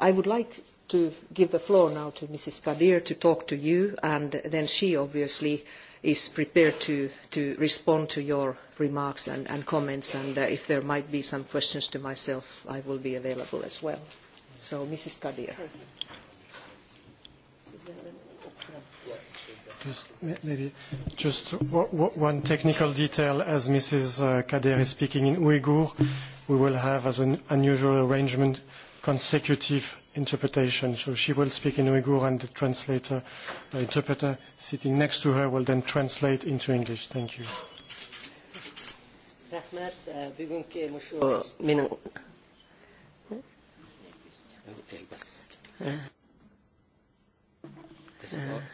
i would like to give the floor now to mrs kadir to talk to you and then she obviously is prepared to, to respond to your remarks and, and comments and uh, if there might be some questions to myself i will be available as well so mrs kadir just maybe just one technical detail as mrs uh, kadir is speaking in uyghur we will have as an unusual arrangement consecutive interpretation. So she will speak in Uyghur and the translator, the uh, interpreter sitting next to her will then translate into English. Thank you. Rahmat, uh, bugünkü müşo minin.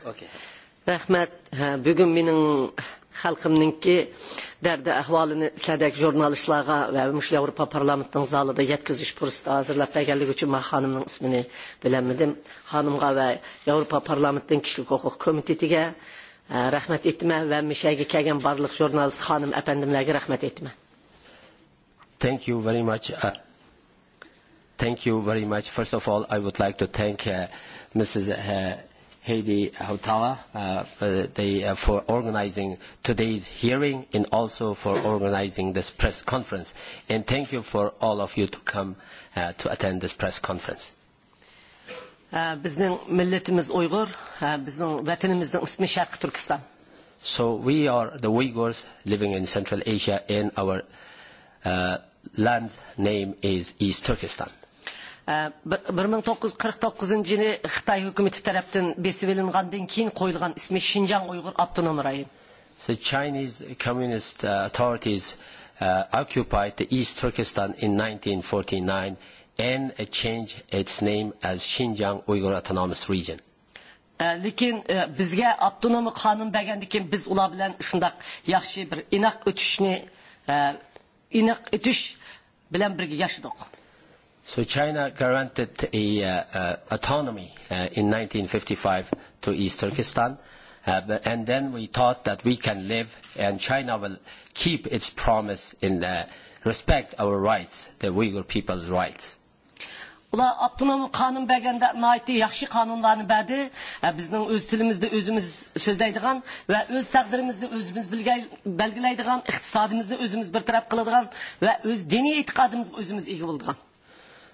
Okay. Rahmat, bugün minin xalqımınki dərdi əhvalını sədək jurnalistlara və Müşli Avropa Parlamentinin zalı da yetkiziş pürsüdü hazırlap da gəldik üçün mən xanımın ismini bilənmədim. Xanımqa və Avropa Parlamentinin kişilik hoquq komitetigə e, rəhmət etmə və Mişəgi Kəgən Barlıq jurnalist xanım əpəndimləgi rəhmət etmə. Thank you very much. Uh, thank you very much. First of all, I would like to thank uh, Mrs. Uh, Heidi Hautala uh, for, uh, the, uh, for organizing today's hearing and also for organizing this press conference. And thank you for all of you to come uh, to attend this press conference. Uh, bizning millatimiz Uyghur, uh, bizning vatanimizning ismi Sharq Turkiston. So we are the Uyghurs living in Central Asia and our uh, land name is East Turkestan bir ming to'qqiz yuz qirq to'qqizinchi yili xitoy hukumati tarafdan besivilingandan keyin qo'yilgan ismi shinjang uyg'ur abtonom rayon the chinese communist э, authorities uh, occupied the east turkestan in 1949 and changed its name as shinjang uyghur autonomous region lekin bizga abtonomi qonun bergandan keyin biz ular bilan shundoq yaxshi bir inoq o'tishni inoq o'tish bilan birga yashadik So China granted a, uh, uh, autonomy uh, in 1955 to East Turkestan. Uh, and then we thought that we can live and China will keep its promise in uh, respect our rights, the Uyghur people's rights. Ula Abdunam kanun bəgəndə naiti yaxşı kanunlarını bədi. E, Bizdən öz tilimizdə özümüz sözləydiğən və öz təqdirimizdə özümüz bəlgələydiğən, iqtisadimizdə özümüz bir tərəf qıladığan və öz dini itiqadımız özümüz iyi bulduğan.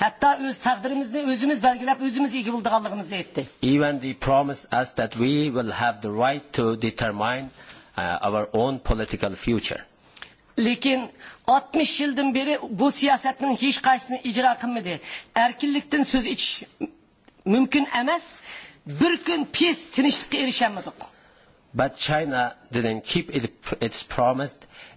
Hatta öz takdirimizi özümüz belgeleyip özümüz iyi bulduğumuzu etti. Even they promised us that we will have the right to determine uh, our own political future. Lekin 60 yıldan beri bu siyasetin hiç kaysını icra kılmadı. Erkillikten söz iç mümkün emez. Bir gün pis tinişlik erişemedik. But China didn't keep it, its promise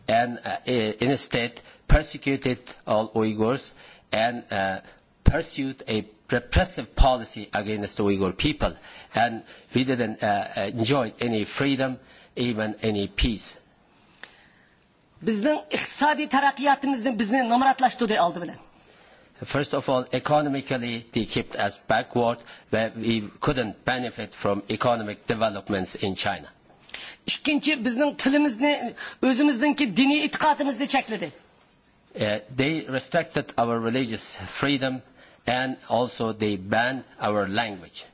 and uh, instead persecuted all Uyghurs and uh, pursued a repressive policy against the Uyghur people. And we didn't uh, uh enjoy any freedom, even any peace. Bizning iqtisodiy taraqqiyotimizni bizni nomratlashtirdi oldi bilan. First of all, economically they kept us backward where we couldn't benefit from economic developments in China. Ikkinchi bizning tilimizni o'zimizningki diniy e'tiqodimizni chekladi. Uh, they respected our religious freedom and also they banned our language.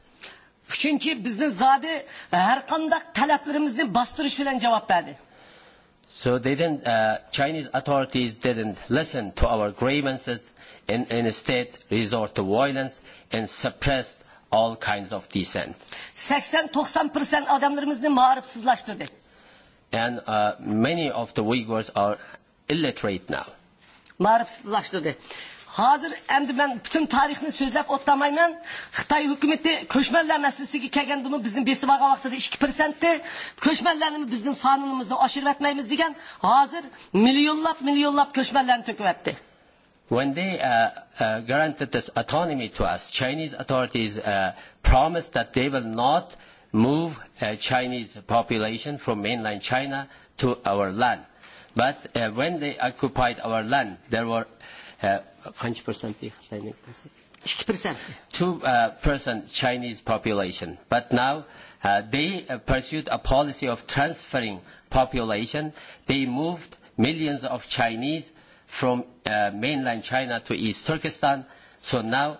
Çünkü bizim zade her uh, kanda taleplerimizin bastırış bilen cevap verdi. So they didn't, uh, Chinese authorities didn't listen to our grievances and instead resort to violence and suppressed all kinds of dissent. 80-90% adamlarımızı mağrıpsızlaştırdı. And uh, many of the Uyghurs are illiterate now marifsizlaştırdı. Hazır endi ben bütün tarihini sözlep otlamayım ben. Xitay hükümeti köşmeller meselesi ki kegen bunu bizim bir sıvaka vaxtada 2%'di. Köşmellerini bizim sanımızda aşırı etmemiz diken hazır milyonlap milyonlap köşmellerini töküm etti. When they uh, uh, granted this autonomy to us, Chinese authorities uh, promised that they will not move uh, Chinese population from mainland China to our land. But uh, when they occupied our land, there were uh, 2% uh, Chinese population. But now uh, they uh, pursued a policy of transferring population. They moved millions of Chinese from uh, mainland China to East Turkestan. So now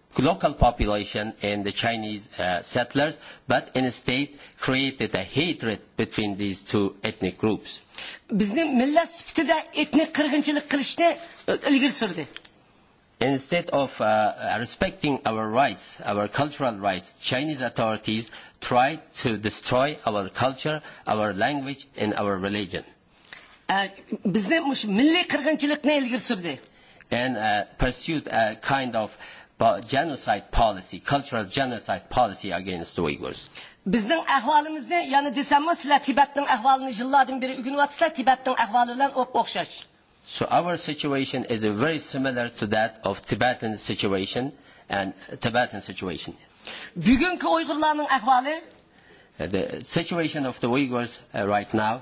local population and the Chinese uh, settlers, but in a state created a hatred between these two ethnic groups. Uh, Instead of uh, uh, respecting our rights, our cultural rights, Chinese authorities tried to destroy our culture, our language, and our religion. Uh, and uh, pursued a kind of uh, genocide policy, cultural genocide policy against the Uyghurs. Bizning ahvolimizni, ya'ni desammo, sizlar Tibetning ahvolini yillardan beri o'rganyapsizlar, Tibetning ahvoli bilan o'xshash. So our situation is very similar to that of Tibetan situation and Tibetan situation. Bugungi Uyghurlarning ahvoli uh, the situation of the Uyghurs uh, right now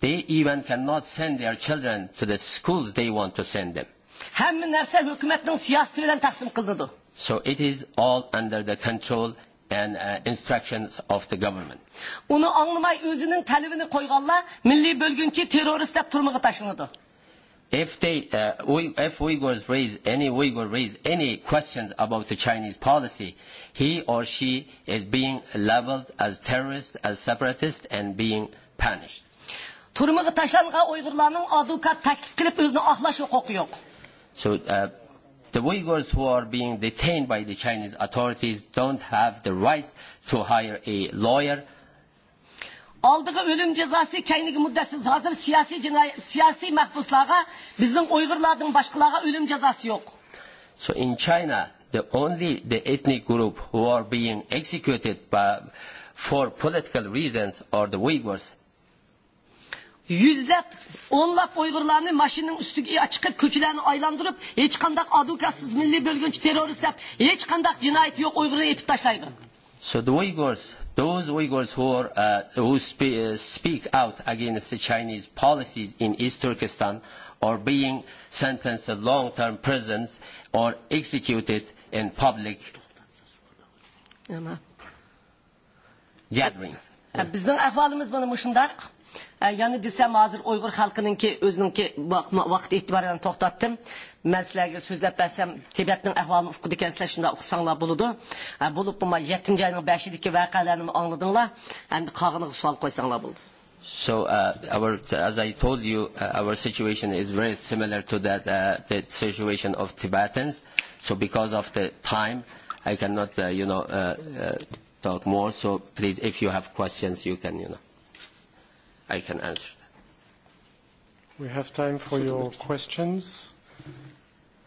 they even cannot send their children to the schools they want to send them. So it is all under the control and uh, instructions of the government. Onu anlamay özünün talebini koyganlar milli bölgünki terörist dep turmağa taşınadı. If they uh, we, if Uyghurs raise any Uyghur raise any questions about the Chinese policy, he or she is being labeled as terrorist, as separatist and being punished turmaga tashlangan uyg'urlarning advokat taklif qilib o'zini oqlash huquqi yo'q so uh, the uyghurs who are being detained by the chinese authorities don't have the right to hire a lawyer oldigi o'lim jazosi kaynigi muddasi hozir siyosiy jinoyat siyosiy mahbuslarga bizning uyg'urlarning boshqalarga o'lim jazosi yo'q so in china the only the ethnic group who are being executed by, for political reasons are the uyghurs yüzlab o'nlab uyg'urlarni mashinaning ustiga chiqib ko'chalarni aylantirib hech qanday adukasiz milliy bo'lguncha terrorist deb hech qanday jinoyat yo'q uyg'urni etib tashlaydi so the uyghurs those uyghurs who are, uh, who speak, uh, speak out against the chinese policies in east turkestan are being sentenced to long term prisons or executed in public gatherings bizning ahvolimiz mana shundaq Yani desem hazır Uygur halkının ki özünün ki vakti itibariyle toktattım. Ben sizlerle sözler versem tebiyatın ehvalını okuduk en sizler şimdi okusanlar buludu. E, bulup buma 7. ayının 5. iki vakalarını anladınlar. Hem de kağını sual koysanlar buldu. So uh, our, as I told you, uh, our situation is very similar to that uh, the situation of Tibetans. So because of the time, I cannot, uh, you know, uh, uh, talk more. So please, if you have questions, you can, you know. I can answer. We have time for your questions.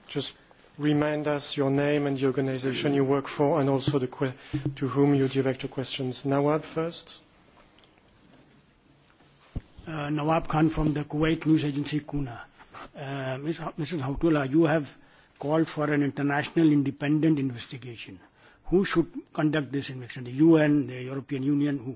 Just remind us your name and the organization you work for and also the que to whom you direct your questions. Nawab first. Uh, Nawab Khan from the Kuwait news agency Kuna. Uh, Mrs. Hautula, you have called for an international independent investigation. Who should conduct this investigation? The UN, the European Union, who? Uh,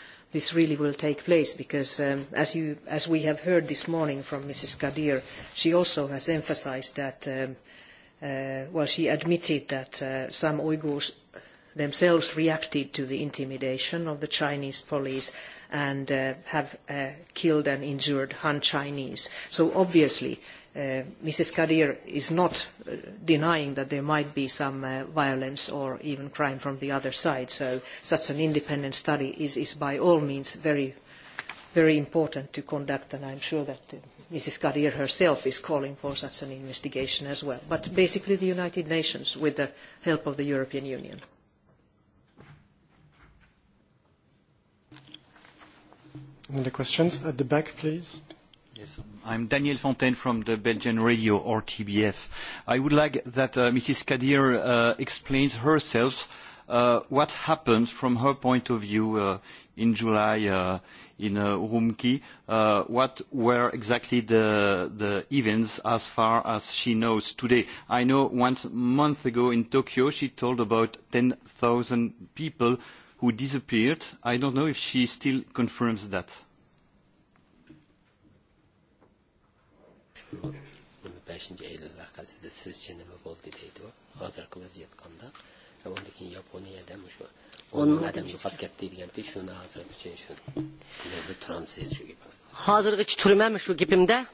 this really will take place because um, as, you, as we have heard this morning from Mrs. Kadir, she also has emphasized that, um, uh, well, she admitted that uh, some Uyghurs themselves reacted to the intimidation of the Chinese police and uh, have uh, killed and injured Han Chinese. So obviously, uh, Mrs. Kadir is not uh, denying that there might be some uh, violence or even crime from the other side. So such an independent study is, is by all means very, very important to conduct, and I'm sure that uh, Mrs. Kadir herself is calling for such an investigation as well. But basically the United Nations with the help of the European Union. Some of the questions at the back, please. Yes. I'm Daniel Fontaine from the Belgian radio, RTBF. I would like that uh, Mrs. Kadir uh, explains herself uh, what happened from her point of view in July in Ürümqi. What were exactly the events as far as she knows today? I know once a month ago in Tokyo, she told about 10,000 people who disappeared. I don't know if she still confirms that. Bunu 5. Eylül vakasında siz cenemi bol dediydi o. Hazır kılız yatkanda. E, Ondaki Japonya'da mı şu? Onun adamı yukarı kettiydi gendi. Şunu hazır bir şey şunu. Yine bir tram siz şu gibi. Hazır hiç türmem şu gibimde.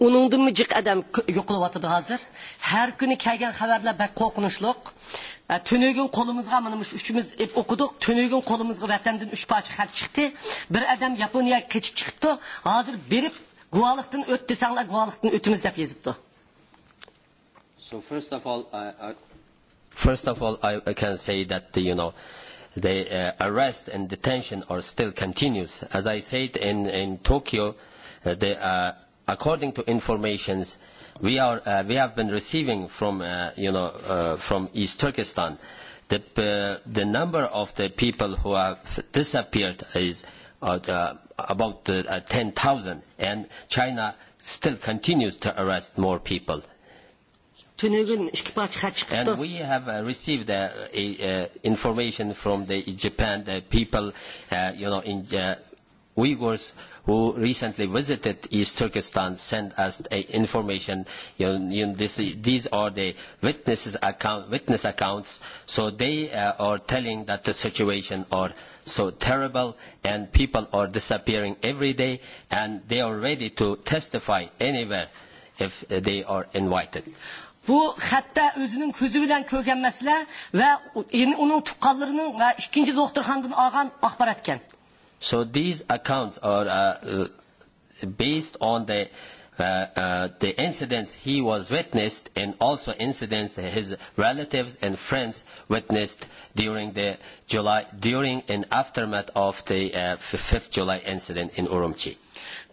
Unundum mu cik adam yukulu vatıdı hazır. Her günü kegen haberle bek korkunuşluk. E, Tönögün kolumuzga mınımış üçümüz hep okuduk. Tönögün kolumuzga vatandan üç parça kalp çıktı. Bir adam Japonya keçip çıktı. Hazır berip guvalıktın öt desenler guvalıktın ötümüz de yazıptı. So first of all, I, I... First of all, I can say that, you know, the uh, arrest and detention are still continuous. As I said in, in Tokyo, uh, the, uh, according to informations, uh, we are uh, we have been receiving from uh, you know uh, from East Turkestan the uh, the number of the people who have disappeared is uh, uh about uh, 10,000 and China still continues to arrest more people and we have uh, received uh, a, uh, information from the Japan the people uh, you know in uh, Uyghurs who recently visited East Turkestan sent us a information. You know, you know, this, these are the witnesses account, witness accounts. So they uh, are telling that the situation are so terrible and people are disappearing every day and they are ready to testify anywhere if they are invited. bu hatto o'zining ko'zi bilan ko'rgan masala va uning tuqqanlarining va ikkinchi doktorxonadan olgan axborot ekan So these accounts are uh, uh, based on the, uh, uh, the incidents he was witnessed and also incidents that his relatives and friends witnessed during the July, during and aftermath of the uh, 5th July incident in Urumqi.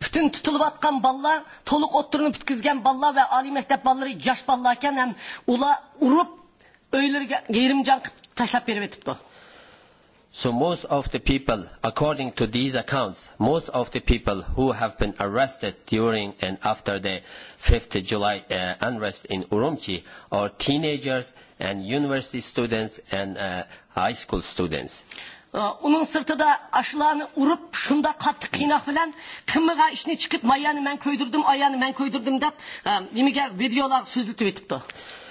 bütün tutulup atkan balla, toluk otturunu bitkizgen balla ve Ali Mehtap balları yaş ballarken hem ula urup öylürge yerimcan taşlap verip etipti. So most of the people, according to these accounts, most of the people who have been arrested during and after the 5th July uh, unrest in Urumqi are teenagers and university students and uh, high school students. Onun sırtı da aşılarını urup şunda katlı kıynak filan kımıga işine çıkıp mayanı men köydürdüm ayanı men köydürdüm de e, videolar sözlü tweet'te.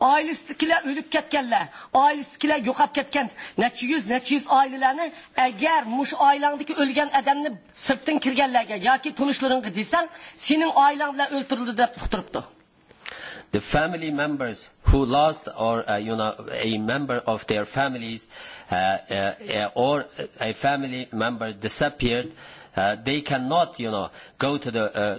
ailesizdikler ölüp ketkenler, ailesizdikler yok yap ketken, neçi yüz, neçi yüz ailelerini, eğer muş ailandaki ölgen edenini sırtın kirgenlerge, ya ki tanışların gidiysen, senin ailenle öldürüldü de tutturuptu. The family members who lost or uh, you know a member of their families uh, uh, uh or a family member disappeared, uh, they cannot you know go to the uh,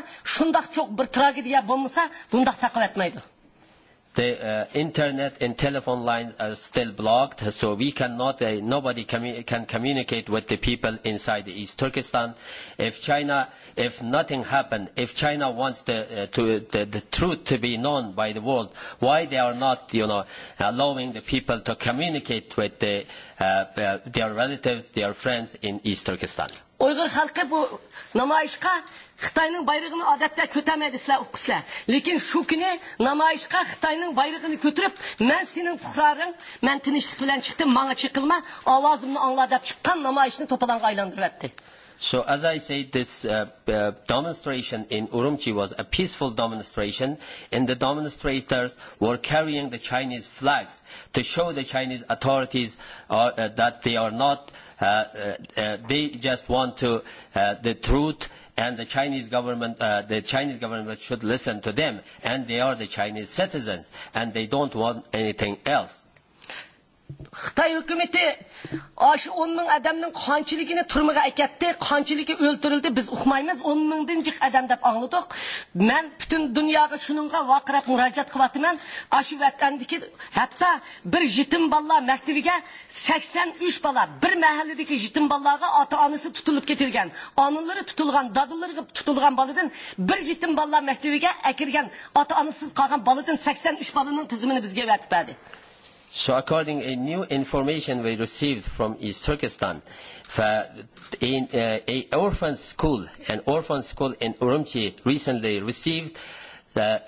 şundak çok bir tragediya bulmasa bundak takıl etmeydi. The uh, internet and telephone lines are still blocked, so we cannot, uh, nobody commu- can communicate with the people inside East Turkestan. If China, if nothing happened, if China wants the, uh, to, the, the truth to be known by the world, why they are not, you know, allowing the people to communicate with the uh, Uh, uh, their relatives, their friends in East Turkestan. Uyghur halkı bu namayışka Xitayının bayrağını adatta kötemedisler, ufkuslar. Lekin şu günü namayışka Xitayının bayrağını götürüp, ben senin fıkrarın, ben tınıştık bilen çıktım, bana çıkılma, avazımını anladıp çıkan namayışını topadan kaylandırıp etti. So as I say, this uh, uh, demonstration in Urumqi was a peaceful demonstration, and the demonstrators were carrying the Chinese flags to show the Chinese authorities are, uh, that they are not, uh, uh, uh, they just want to, uh, the truth, and the Chinese government, uh, the Chinese government should listen to them, and they are the Chinese citizens, and they don't want anything else xitoy hukumati shu o'n ming odamning qonchiligini turmaga aytyapti qonchiligi o'ldirildi biz uqmaymiz o'n mingdan jiq odam deb angladiq man butun dunyoga shuninga vaqirab murojaat qilyaptiman shu vatandiki hatto bir yetim bolalar maktabiga sakson uch bola bir mahalladagi yetim bolalarga ota onasi tutilib ketilgan onalari tutilgan dadalari tutilgan boladan bir yetim bolalar maktabiga akirgan ota onasiz qolgan boladan sakson uch bolaning tizimini bizga vatbadi So according a new information we received from East Turkestan, in uh, a orphan school, an orphan school in Urumqi recently received uh, 83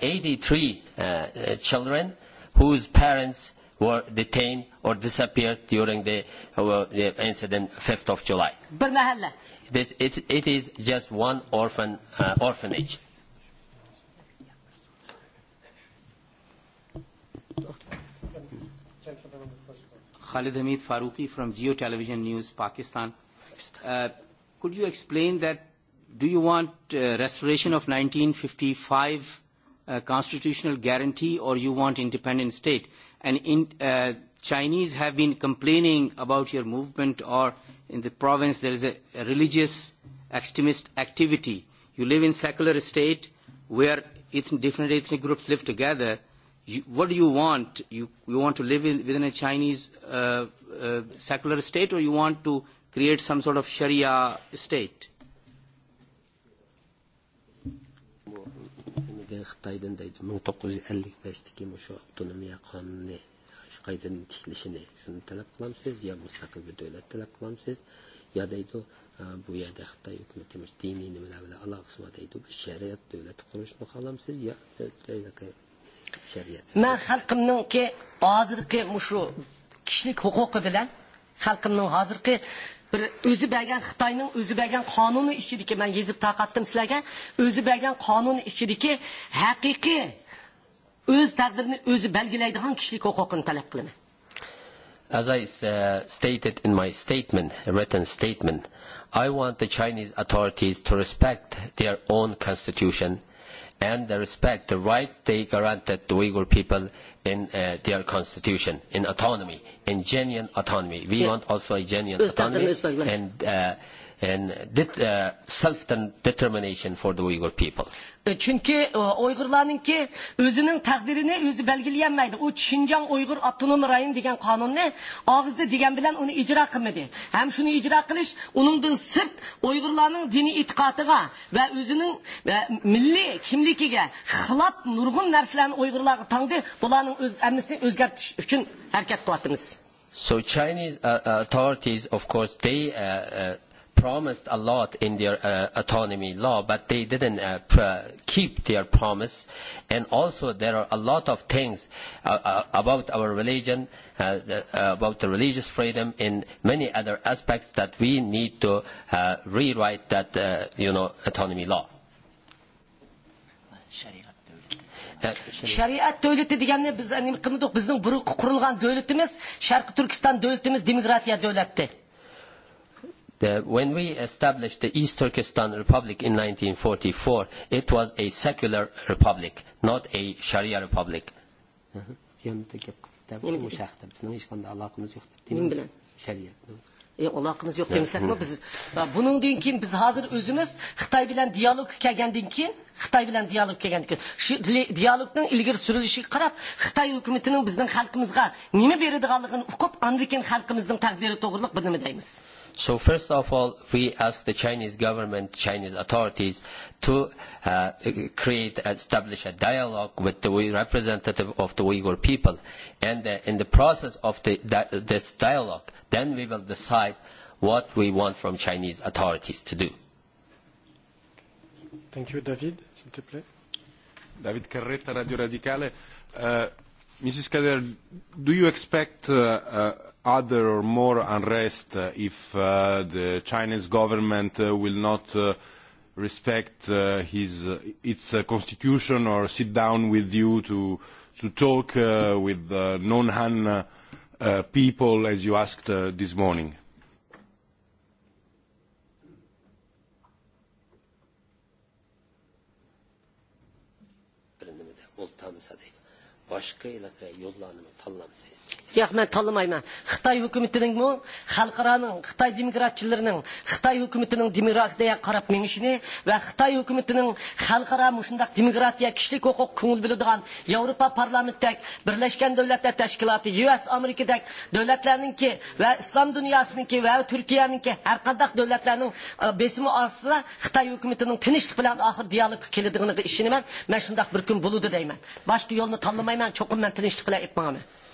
uh, uh, children whose parents were detained or disappeared during the, uh, the incident 5th of July. This, it, it is just one orphan uh, orphanage. Khalid Hamid Farooqi from Geo Television News, Pakistan. Pakistan. Uh, could you explain that, do you want uh, restoration of 1955 uh, constitutional guarantee or you want independent state? And in, uh, Chinese have been complaining about your movement or in the province there is a, a religious extremist activity. You live in secular state where ethnic, different ethnic groups live together you, what do you want? You, you want to live in, within a Chinese uh, uh, secular state or you want to create some sort of Sharia state? qaydan tiklishini shuni talab qilamsiz yo mustaqil bir davlat talab qilamsiz yo deydi bu yerda xitoy hukumati diniy nimalar bilan aloqasi bor deydi shariat davlat qurishni xohlamsiz yo Мен халқымның ке азырқы мұшу кішілік хуқуқы білен, халқымның азырқы бір өзі бәген Қытайның өзі бәген қануны ішіді ке, мен езіп тақаттым сілеген, өзі бәген қануны ішіді ке, хақиқи өз тәрдіріні өзі бәлгілейдіған кішілік хуқуқын тәліп қылымен. As I uh, stated in my statement, written statement, I want the Chinese authorities to respect their own constitution – and respect the rights they granted the Uyghur people in uh, their constitution, in autonomy, in genuine autonomy. We yeah. want also a genuine autonomy. And, uh, and did, uh, eh, self-determination for the Uyghur people. Çünkü e, e, Uygurların ki özünün takdirini özü belgileyemeydi. O Çincan Uygur Atunun Rayın diyen kanun ne? Ağızda diyen bilen onu icra kılmadı. Hem şunu icra kılış, onun da sırt Uygurların dini itikatıga ve özünün ve milli kimlikige hılat nurgun derslerin Uygurlar tanıdı. Bunların öz, emnisini özgertiş için hareket kılattınız. So Chinese uh, uh, authorities of course they uh, uh, promised a lot in their uh, autonomy law, but they didn't uh, pr- keep their promise. And also, there are a lot of things uh, uh, about our religion, uh, the, uh, about the religious freedom, and many other aspects that we need to uh, rewrite that, uh, you know, autonomy law. shariat davlati uh, deganni biz nima qilmadik bizning buruq qurilgan davlatimiz sharqi turkiston davlatimiz demokratiya davlati when we established the East Turkestan Republic in 1944, it was a secular republic, not a Sharia republic. E, ya aloqamiz yo'q demasakmi biz buningdan keyin biz hozir o'zimiz Xitoy bilan dialog kelgandan keyin Xitay bilan dialog kelganki, shu dialogning ilgir surilishiga qarab, Xitay hukumatining bizning xalqimizga nima beradiganligini uqib, andikin xalqimizning taqdiri to'g'riliq bilmi deymiz. So first of all, we ask the Chinese government, Chinese authorities to uh, create and establish a dialogue with the representative of the Uyghur people. And uh, in the process of the, that, this dialogue, then we will decide what we want from Chinese authorities to do. Thank you, David, s'il te plaît. David Carretta, Radio Radicale. Uh, Mrs. Kader, do you expect uh, uh, other or more unrest uh, if uh, the Chinese government uh, will not uh, respect uh, his, uh, its uh, constitution or sit down with you to, to talk uh, with uh, non-Han uh, uh, people as you asked uh, this morning? ئولتامسا دەيدۇ باشقا يىلىقى يوللارنىمۇ تاللامسىز yaqman tanlamayman xitoy hukumatiningmi xalqaroning xitoy demokratchilarining xitoy hukumatining demokratiyaga qarab mengishini va xitoy hukumatining xalqaro shundaq demokratiya kishilik huquq ko'ngil biladigan yevropa parlamentdak birlashgan davlatlar tashkiloti us amerikadak davlatlarningki va islom dunyosiniki va turkiyaniki har qanday davlatlarning besimi ostida xitoy hukumatining tinchlik bilan oxir dialogga keladiganiga ishonaman man shundaq bir kun bo'ludi deyman boshqa yo'lni tanlamayman cho'qim man tinchlik bilan aytmoqman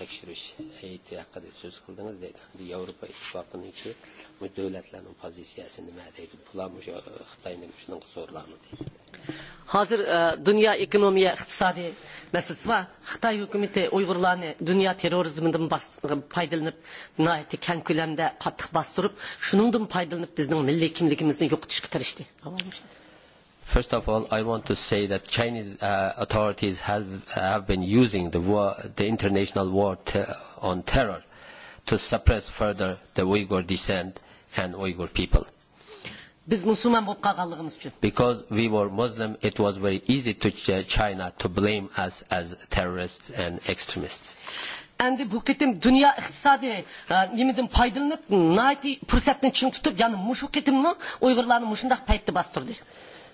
tekşiriş heyeti hakkında söz kıldınız dedi. Şimdi Avrupa İttifakı'nın ki bu devletlerin pozisyası ne dedi? Bulamış, Hıhtay'ın şunun zorlarını dedi. Hazır e, dünya e, ekonomiye iktisadi meselesi var. Hıhtay hükümeti Uygurlarını dünya terörizminden bas, paydalanıp nahiyeti kankülemde katık bastırıp şunundan paydalanıp bizden milli kimlikimizin yok çıkartıştı. Tamam. First of all, I want to say that Chinese uh, authorities have, have been using the, war, the international war te- on terror to suppress further the Uyghur descent and Uyghur people. Biz Müslüman üçün. Because we were Muslim, it was very easy to ch- China to blame us as terrorists and extremists. Әнді бұл кетім дүния иқтисады ә, немедің пайдылынып, найти пұрсәттің чың тұтып, яны мұшу кетім мұ, ұйғырланы мұшындақ пәйтті бастырды.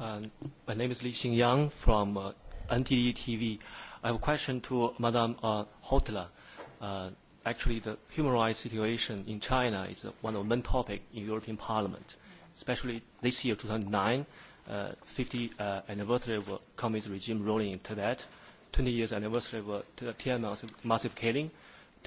Uh, my name is Li Xing Yang from uh, NTD TV. I have a question to Madame uh, Hotler. Uh, actually, the human rights situation in China is uh, one of the main topics in European Parliament, especially this year, 2009, uh, 50th uh, anniversary of uh, communist regime ruling in Tibet, 20 years anniversary of uh, Tiananmen massive killing,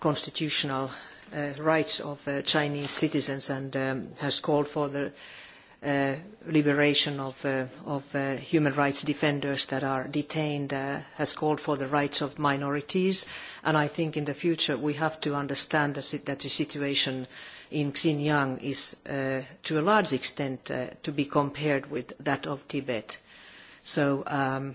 constitutional uh, rights of uh, Chinese citizens and um, has called for the uh, liberation of, uh, of uh, human rights defenders that are detained, uh, has called for the rights of minorities. And I think in the future we have to understand that the situation in Xinjiang is uh, to a large extent uh, to be compared with that of Tibet. So um,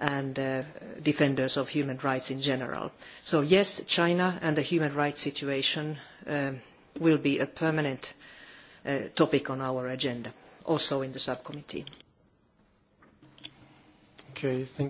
and uh, defenders of human rights in general. So yes, China and the human rights situation um, will be a permanent uh, topic on our agenda, also in the subcommittee. Okay, thank